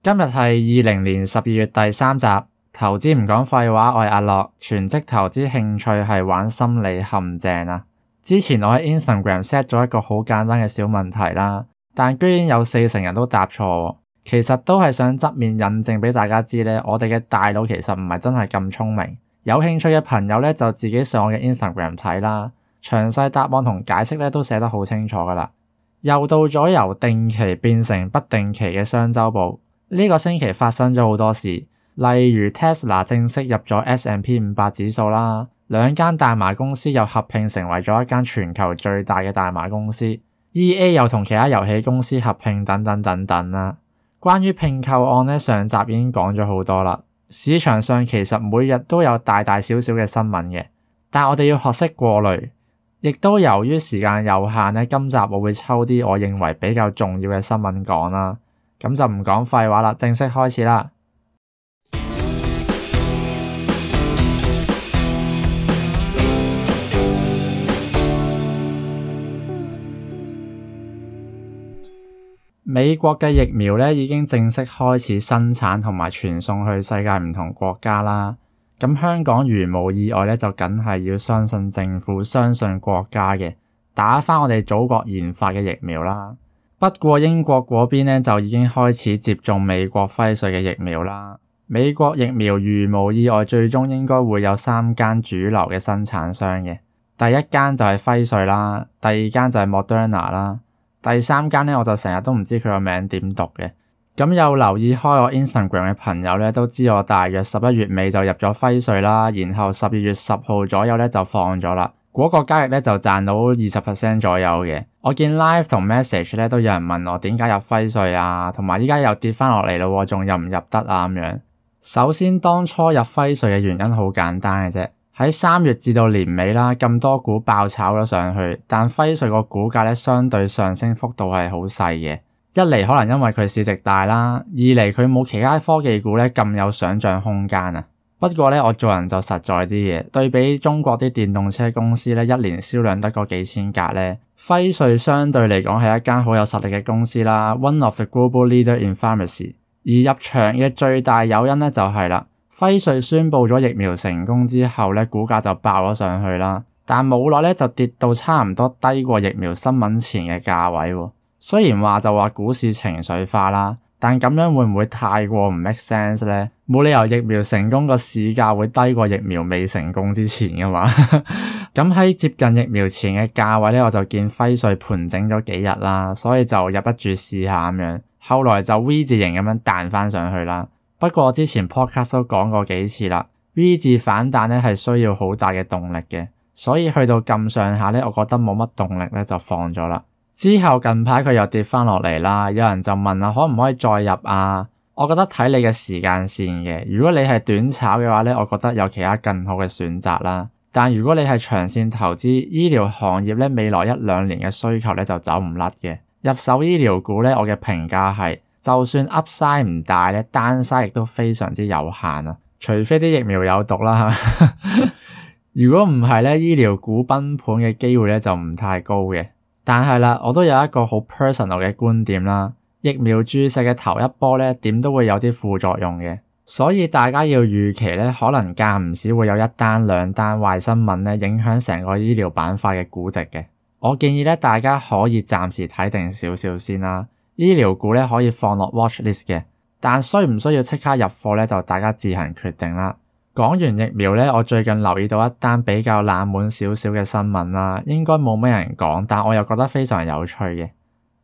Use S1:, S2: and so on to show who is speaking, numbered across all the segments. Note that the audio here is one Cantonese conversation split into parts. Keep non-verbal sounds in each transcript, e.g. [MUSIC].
S1: 今日係二零年十二月第三集，投資唔講廢話，我係阿樂，全職投資興趣係玩心理陷阱啊。之前我喺 Instagram set 咗一個好簡單嘅小問題啦，但居然有四成人都答錯，其實都係想側面引證俾大家知咧，我哋嘅大腦其實唔係真係咁聰明。有興趣嘅朋友咧，就自己上我嘅 Instagram 睇啦，詳細答案同解釋咧都寫得好清楚噶啦。又到咗由定期變成不定期嘅商週報。呢個星期發生咗好多事，例如 Tesla 正式入咗 S&P 五百指數啦，兩間大麻公司又合併成為咗一間全球最大嘅大麻公司，EA 又同其他遊戲公司合併等等等等啦。關於併購案呢，上集已經講咗好多啦。市場上其實每日都有大大小小嘅新聞嘅，但我哋要學識過濾，亦都由於時間有限呢，今集我會抽啲我認為比較重要嘅新聞講啦。咁就唔講廢話啦，正式開始啦。美國嘅疫苗呢，已經正式開始生產同埋傳送去世界唔同國家啦。咁香港如無意外呢，就梗係要相信政府，相信國家嘅，打返我哋祖國研發嘅疫苗啦。不過英國嗰邊咧就已經開始接種美國輝瑞嘅疫苗啦。美國疫苗如無意外，最終應該會有三間主流嘅生產商嘅。第一間就係輝瑞啦，第二間就係莫德納啦，第三間咧我就成日都唔知佢個名點讀嘅。咁有留意開我 Instagram 嘅朋友咧，都知我大約十一月尾就入咗輝瑞啦，然後十二月十號左右咧就放咗啦。嗰個交易咧就賺到二十 percent 左右嘅。我見 Live 同 Message 咧，都有人問我點解入輝瑞啊，同埋依家又跌翻落嚟咯，仲入唔入得啊咁樣？首先當初入輝瑞嘅原因好簡單嘅啫，喺三月至到年尾啦，咁多股爆炒咗上去，但輝瑞個股價咧相對上升幅度係好細嘅。一嚟可能因為佢市值大啦，二嚟佢冇其他科技股咧咁有想像空間啊。不過咧，我做人就實在啲嘢。對比中國啲電動車公司咧，一年銷量得嗰幾千架咧，輝瑞相對嚟講係一間好有實力嘅公司啦，one of the global leader in pharmacy。而入場嘅最大誘因咧就係、是、啦，輝瑞宣布咗疫苗成功之後咧，股價就爆咗上去啦。但冇耐咧就跌到差唔多低過疫苗新聞前嘅價位喎。雖然話就話股市情緒化啦，但咁樣會唔會太過唔 make sense 咧？冇理由疫苗成功個市價會低過疫苗未成功之前嘅嘛，咁喺接近疫苗前嘅價位咧，我就見輝瑞盤整咗幾日啦，所以就入不住試下咁樣，後來就 V 字形咁樣彈翻上去啦。不過我之前 podcast 都講過幾次啦，V 字反彈咧係需要好大嘅動力嘅，所以去到咁上下咧，我覺得冇乜動力咧就放咗啦。之後近排佢又跌翻落嚟啦，有人就問啊，可唔可以再入啊？我覺得睇你嘅時間線嘅，如果你係短炒嘅話咧，我覺得有其他更好嘅選擇啦。但如果你係長線投資，醫療行業咧未來一兩年嘅需求咧就走唔甩嘅。入手醫療股咧，我嘅評價係，就算 upside 唔大咧，downside 亦都非常之有限啊。除非啲疫苗有毒啦， [LAUGHS] 如果唔係咧，醫療股崩盤嘅機會咧就唔太高嘅。但係啦，我都有一個好 personal 嘅觀點啦。疫苗注射嘅頭一波咧，點都會有啲副作用嘅，所以大家要預期咧，可能間唔時會有一單兩單壞新聞咧，影響成個醫療板塊嘅估值嘅。我建議咧，大家可以暫時睇定少少先啦，醫療股咧可以放落 watch list 嘅，但需唔需要即刻入貨咧，就大家自行決定啦。講完疫苗咧，我最近留意到一單比較冷門少少嘅新聞啦，應該冇乜人講，但我又覺得非常有趣嘅。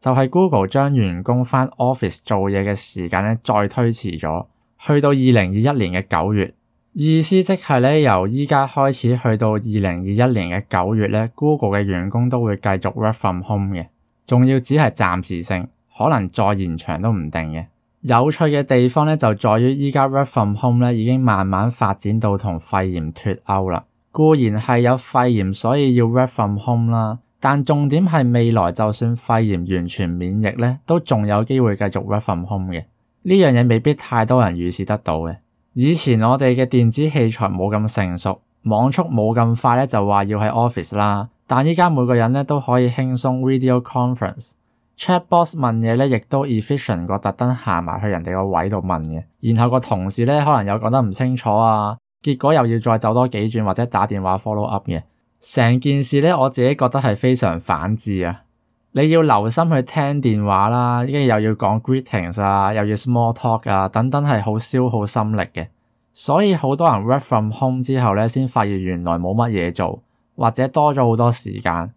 S1: 就係 Google 將員工返 office 做嘢嘅時間咧，再推遲咗，去到二零二一年嘅九月。意思即係咧，由依家開始去到二零二一年嘅九月咧，Google 嘅員工都會繼續 work from home 嘅。仲要只係暫時性，可能再延長都唔定嘅。有趣嘅地方咧，就在於依家 work from home 咧已經慢慢發展到同肺炎脫鈎啦。固然係有肺炎，所以要 work from home 啦。但重點係未來，就算肺炎完全免疫咧，都仲有機會繼續 work from home 嘅。呢樣嘢未必太多人預視得到嘅。以前我哋嘅電子器材冇咁成熟，網速冇咁快咧，就話要喺 office 啦。但依家每個人咧都可以輕鬆 video conference，chat box 問嘢咧，亦都 efficient 過特登行埋去人哋個位度問嘅。然後個同事咧可能又講得唔清楚啊，結果又要再走多幾轉或者打電話 follow up 嘅。成件事咧，我自己覺得係非常反智啊！你要留心去聽電話啦，跟住又要講 Greetings 啊，又要，要 Small Talk 啊，等等係好消耗心力嘅。所以好多人 Work From Home 之後咧，先發現原來冇乜嘢做，或者多咗好多時間，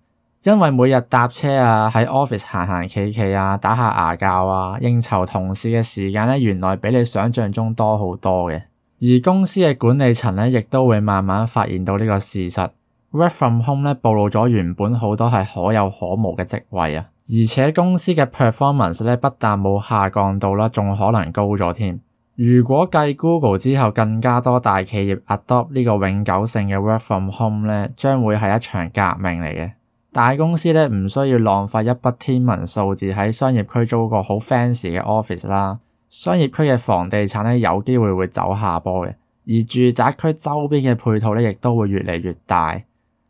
S1: 因為每日搭車啊，喺 Office 行，行行企企啊，打下牙鉸啊，應酬同事嘅時間咧，原來比你想象中多好多嘅。而公司嘅管理層咧，亦都會慢慢發現到呢個事實。Work from home 咧，暴露咗原本好多係可有可無嘅職位啊，而且公司嘅 performance 咧，不但冇下降到啦，仲可能高咗添。如果繼 Google 之後更加多大企業 adopt 呢個永久性嘅 work from home 咧，將會係一場革命嚟嘅。大公司咧，唔需要浪費一筆天文數字喺商業區租個好 fancy 嘅 office 啦。商業區嘅房地產咧，有機會會走下坡嘅，而住宅區周邊嘅配套咧，亦都會越嚟越大。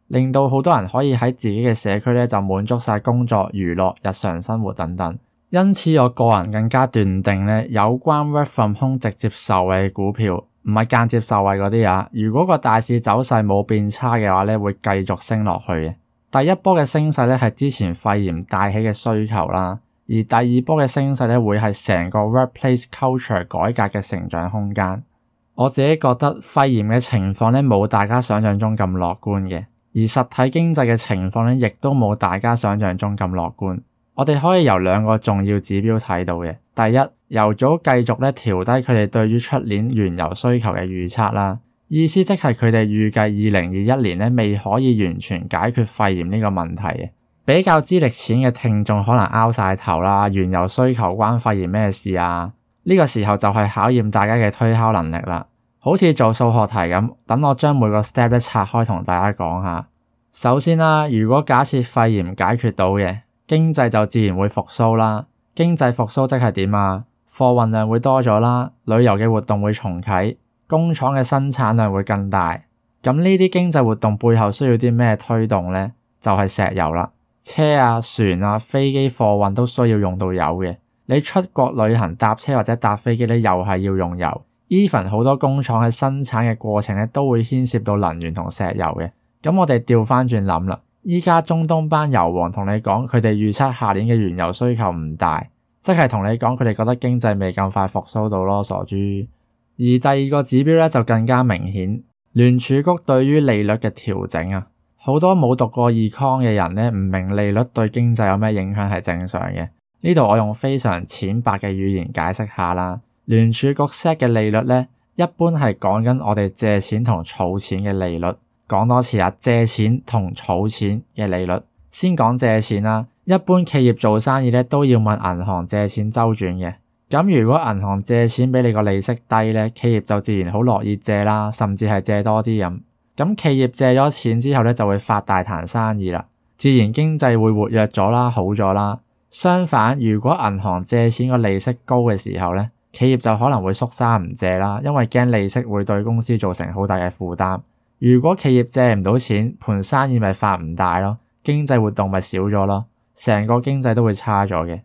S1: 令到好多人可以喺自己嘅社區咧，就滿足晒工作、娛樂、日常生活等等。因此，我個人更加斷定咧，有關 work from home 直接受惠嘅股票，唔係間接受惠嗰啲啊。如果個大市走勢冇變差嘅話咧，會繼續升落去嘅。第一波嘅升勢咧係之前肺炎帶起嘅需求啦，而第二波嘅升勢咧會係成個 workplace culture 改革嘅成長空間。我自己覺得肺炎嘅情況咧冇大家想象中咁樂觀嘅。而實體經濟嘅情況呢，亦都冇大家想象中咁樂觀。我哋可以由兩個重要指標睇到嘅，第一，由早繼續咧調低佢哋對於出年原油需求嘅預測啦。意思即係佢哋預計二零二一年咧未可以完全解決肺炎呢個問題。比較資歷淺嘅聽眾可能拗晒頭啦，原油需求關肺炎咩事啊？呢個時候就係考驗大家嘅推敲能力啦。好似做數學題咁，等我將每個 step 一拆開同大家講下。首先啦、啊，如果假設肺炎解決到嘅，經濟就自然會復甦啦。經濟復甦即係點啊？貨運量會多咗啦，旅遊嘅活動會重啟，工廠嘅生產量會更大。咁呢啲經濟活動背後需要啲咩推動呢？就係、是、石油啦。車啊、船啊、飛機貨運都需要用到油嘅。你出國旅行搭車或者搭飛機，呢，又係要用油。Even 好多工廠喺生產嘅過程咧，都會牽涉到能源同石油嘅。咁我哋調翻轉諗啦，依家中東班油王同你講，佢哋預測下年嘅原油需求唔大，即係同你講佢哋覺得經濟未咁快復蘇到咯，傻豬。而第二個指標咧就更加明顯，聯儲局對於利率嘅調整啊，好多冇讀過 econ 嘅人咧唔明利率對經濟有咩影響係正常嘅。呢度我用非常淺白嘅語言解釋下啦。聯儲局 set 嘅利率咧，一般係講緊我哋借錢同儲錢嘅利率。講多次啊，借錢同儲錢嘅利率。先講借錢啦。一般企業做生意咧都要問銀行借錢周轉嘅。咁如果銀行借錢俾你個利息低咧，企業就自然好樂意借啦，甚至係借多啲咁。咁企業借咗錢之後咧就會發大談生意啦，自然經濟會活躍咗啦，好咗啦。相反，如果銀行借錢個利息高嘅時候咧，企業就可能會縮沙唔借啦，因為驚利息會對公司造成好大嘅負擔。如果企業借唔到錢，盤生意咪發唔大咯，經濟活動咪少咗咯，成個經濟都會差咗嘅。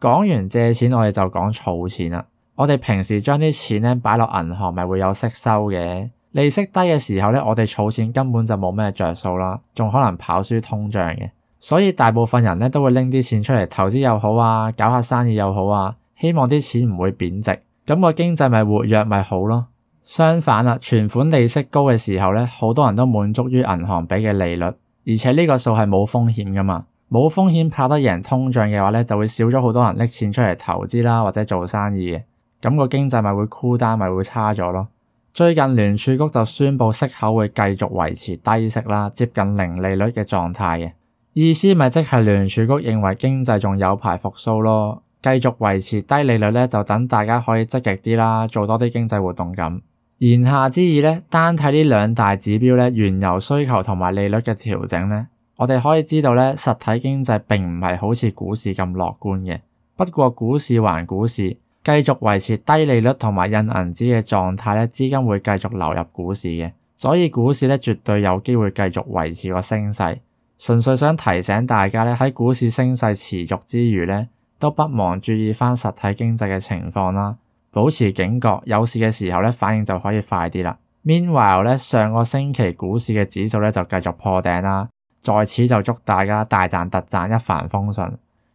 S1: 講完借錢，我哋就講儲錢啦。我哋平時將啲錢咧擺落銀行咪會有息收嘅。利息低嘅時候咧，我哋儲錢根本就冇咩着數啦，仲可能跑輸通脹嘅。所以大部分人咧都會拎啲錢出嚟投資又好啊，搞下生意又好啊。希望啲錢唔會貶值，咁個經濟咪活躍咪好咯。相反啦，存款利息高嘅時候咧，好多人都滿足於銀行俾嘅利率，而且呢個數係冇風險噶嘛。冇風險跑得贏通脹嘅話咧，就會少咗好多人拎錢出嚟投資啦，或者做生意嘅，咁個經濟咪會孤單，咪會差咗咯。最近聯儲局就宣布息口會繼續維持低息啦，接近零利率嘅狀態嘅，意思咪即係聯儲局認為經濟仲有排復蘇咯。繼續維持低利率咧，就等大家可以積極啲啦，做多啲經濟活動咁。言下之意咧，單睇呢兩大指標咧，原油需求同埋利率嘅調整咧，我哋可以知道咧，實體經濟並唔係好似股市咁樂觀嘅。不過股市還股市，繼續維持低利率同埋印銀紙嘅狀態咧，資金會繼續流入股市嘅，所以股市咧，絕對有機會繼續維持個升勢。純粹想提醒大家咧，喺股市升勢持續之餘咧。都不忘注意返實體經濟嘅情況啦，保持警覺，有事嘅時候咧，反應就可以快啲啦。Meanwhile 咧，上個星期股市嘅指數咧就繼續破頂啦。在此就祝大家大賺特賺，一帆風順。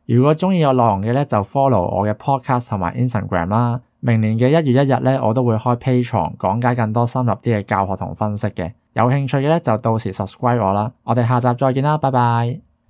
S1: 如果鍾意我內容嘅咧，就 follow 我嘅 podcast 同埋 Instagram 啦。明年嘅一月一日咧，我都會開 Patreon 講解更多深入啲嘅教學同分析嘅。有興趣嘅咧，就到時 subscribe 我啦。我哋下集再見啦，拜拜。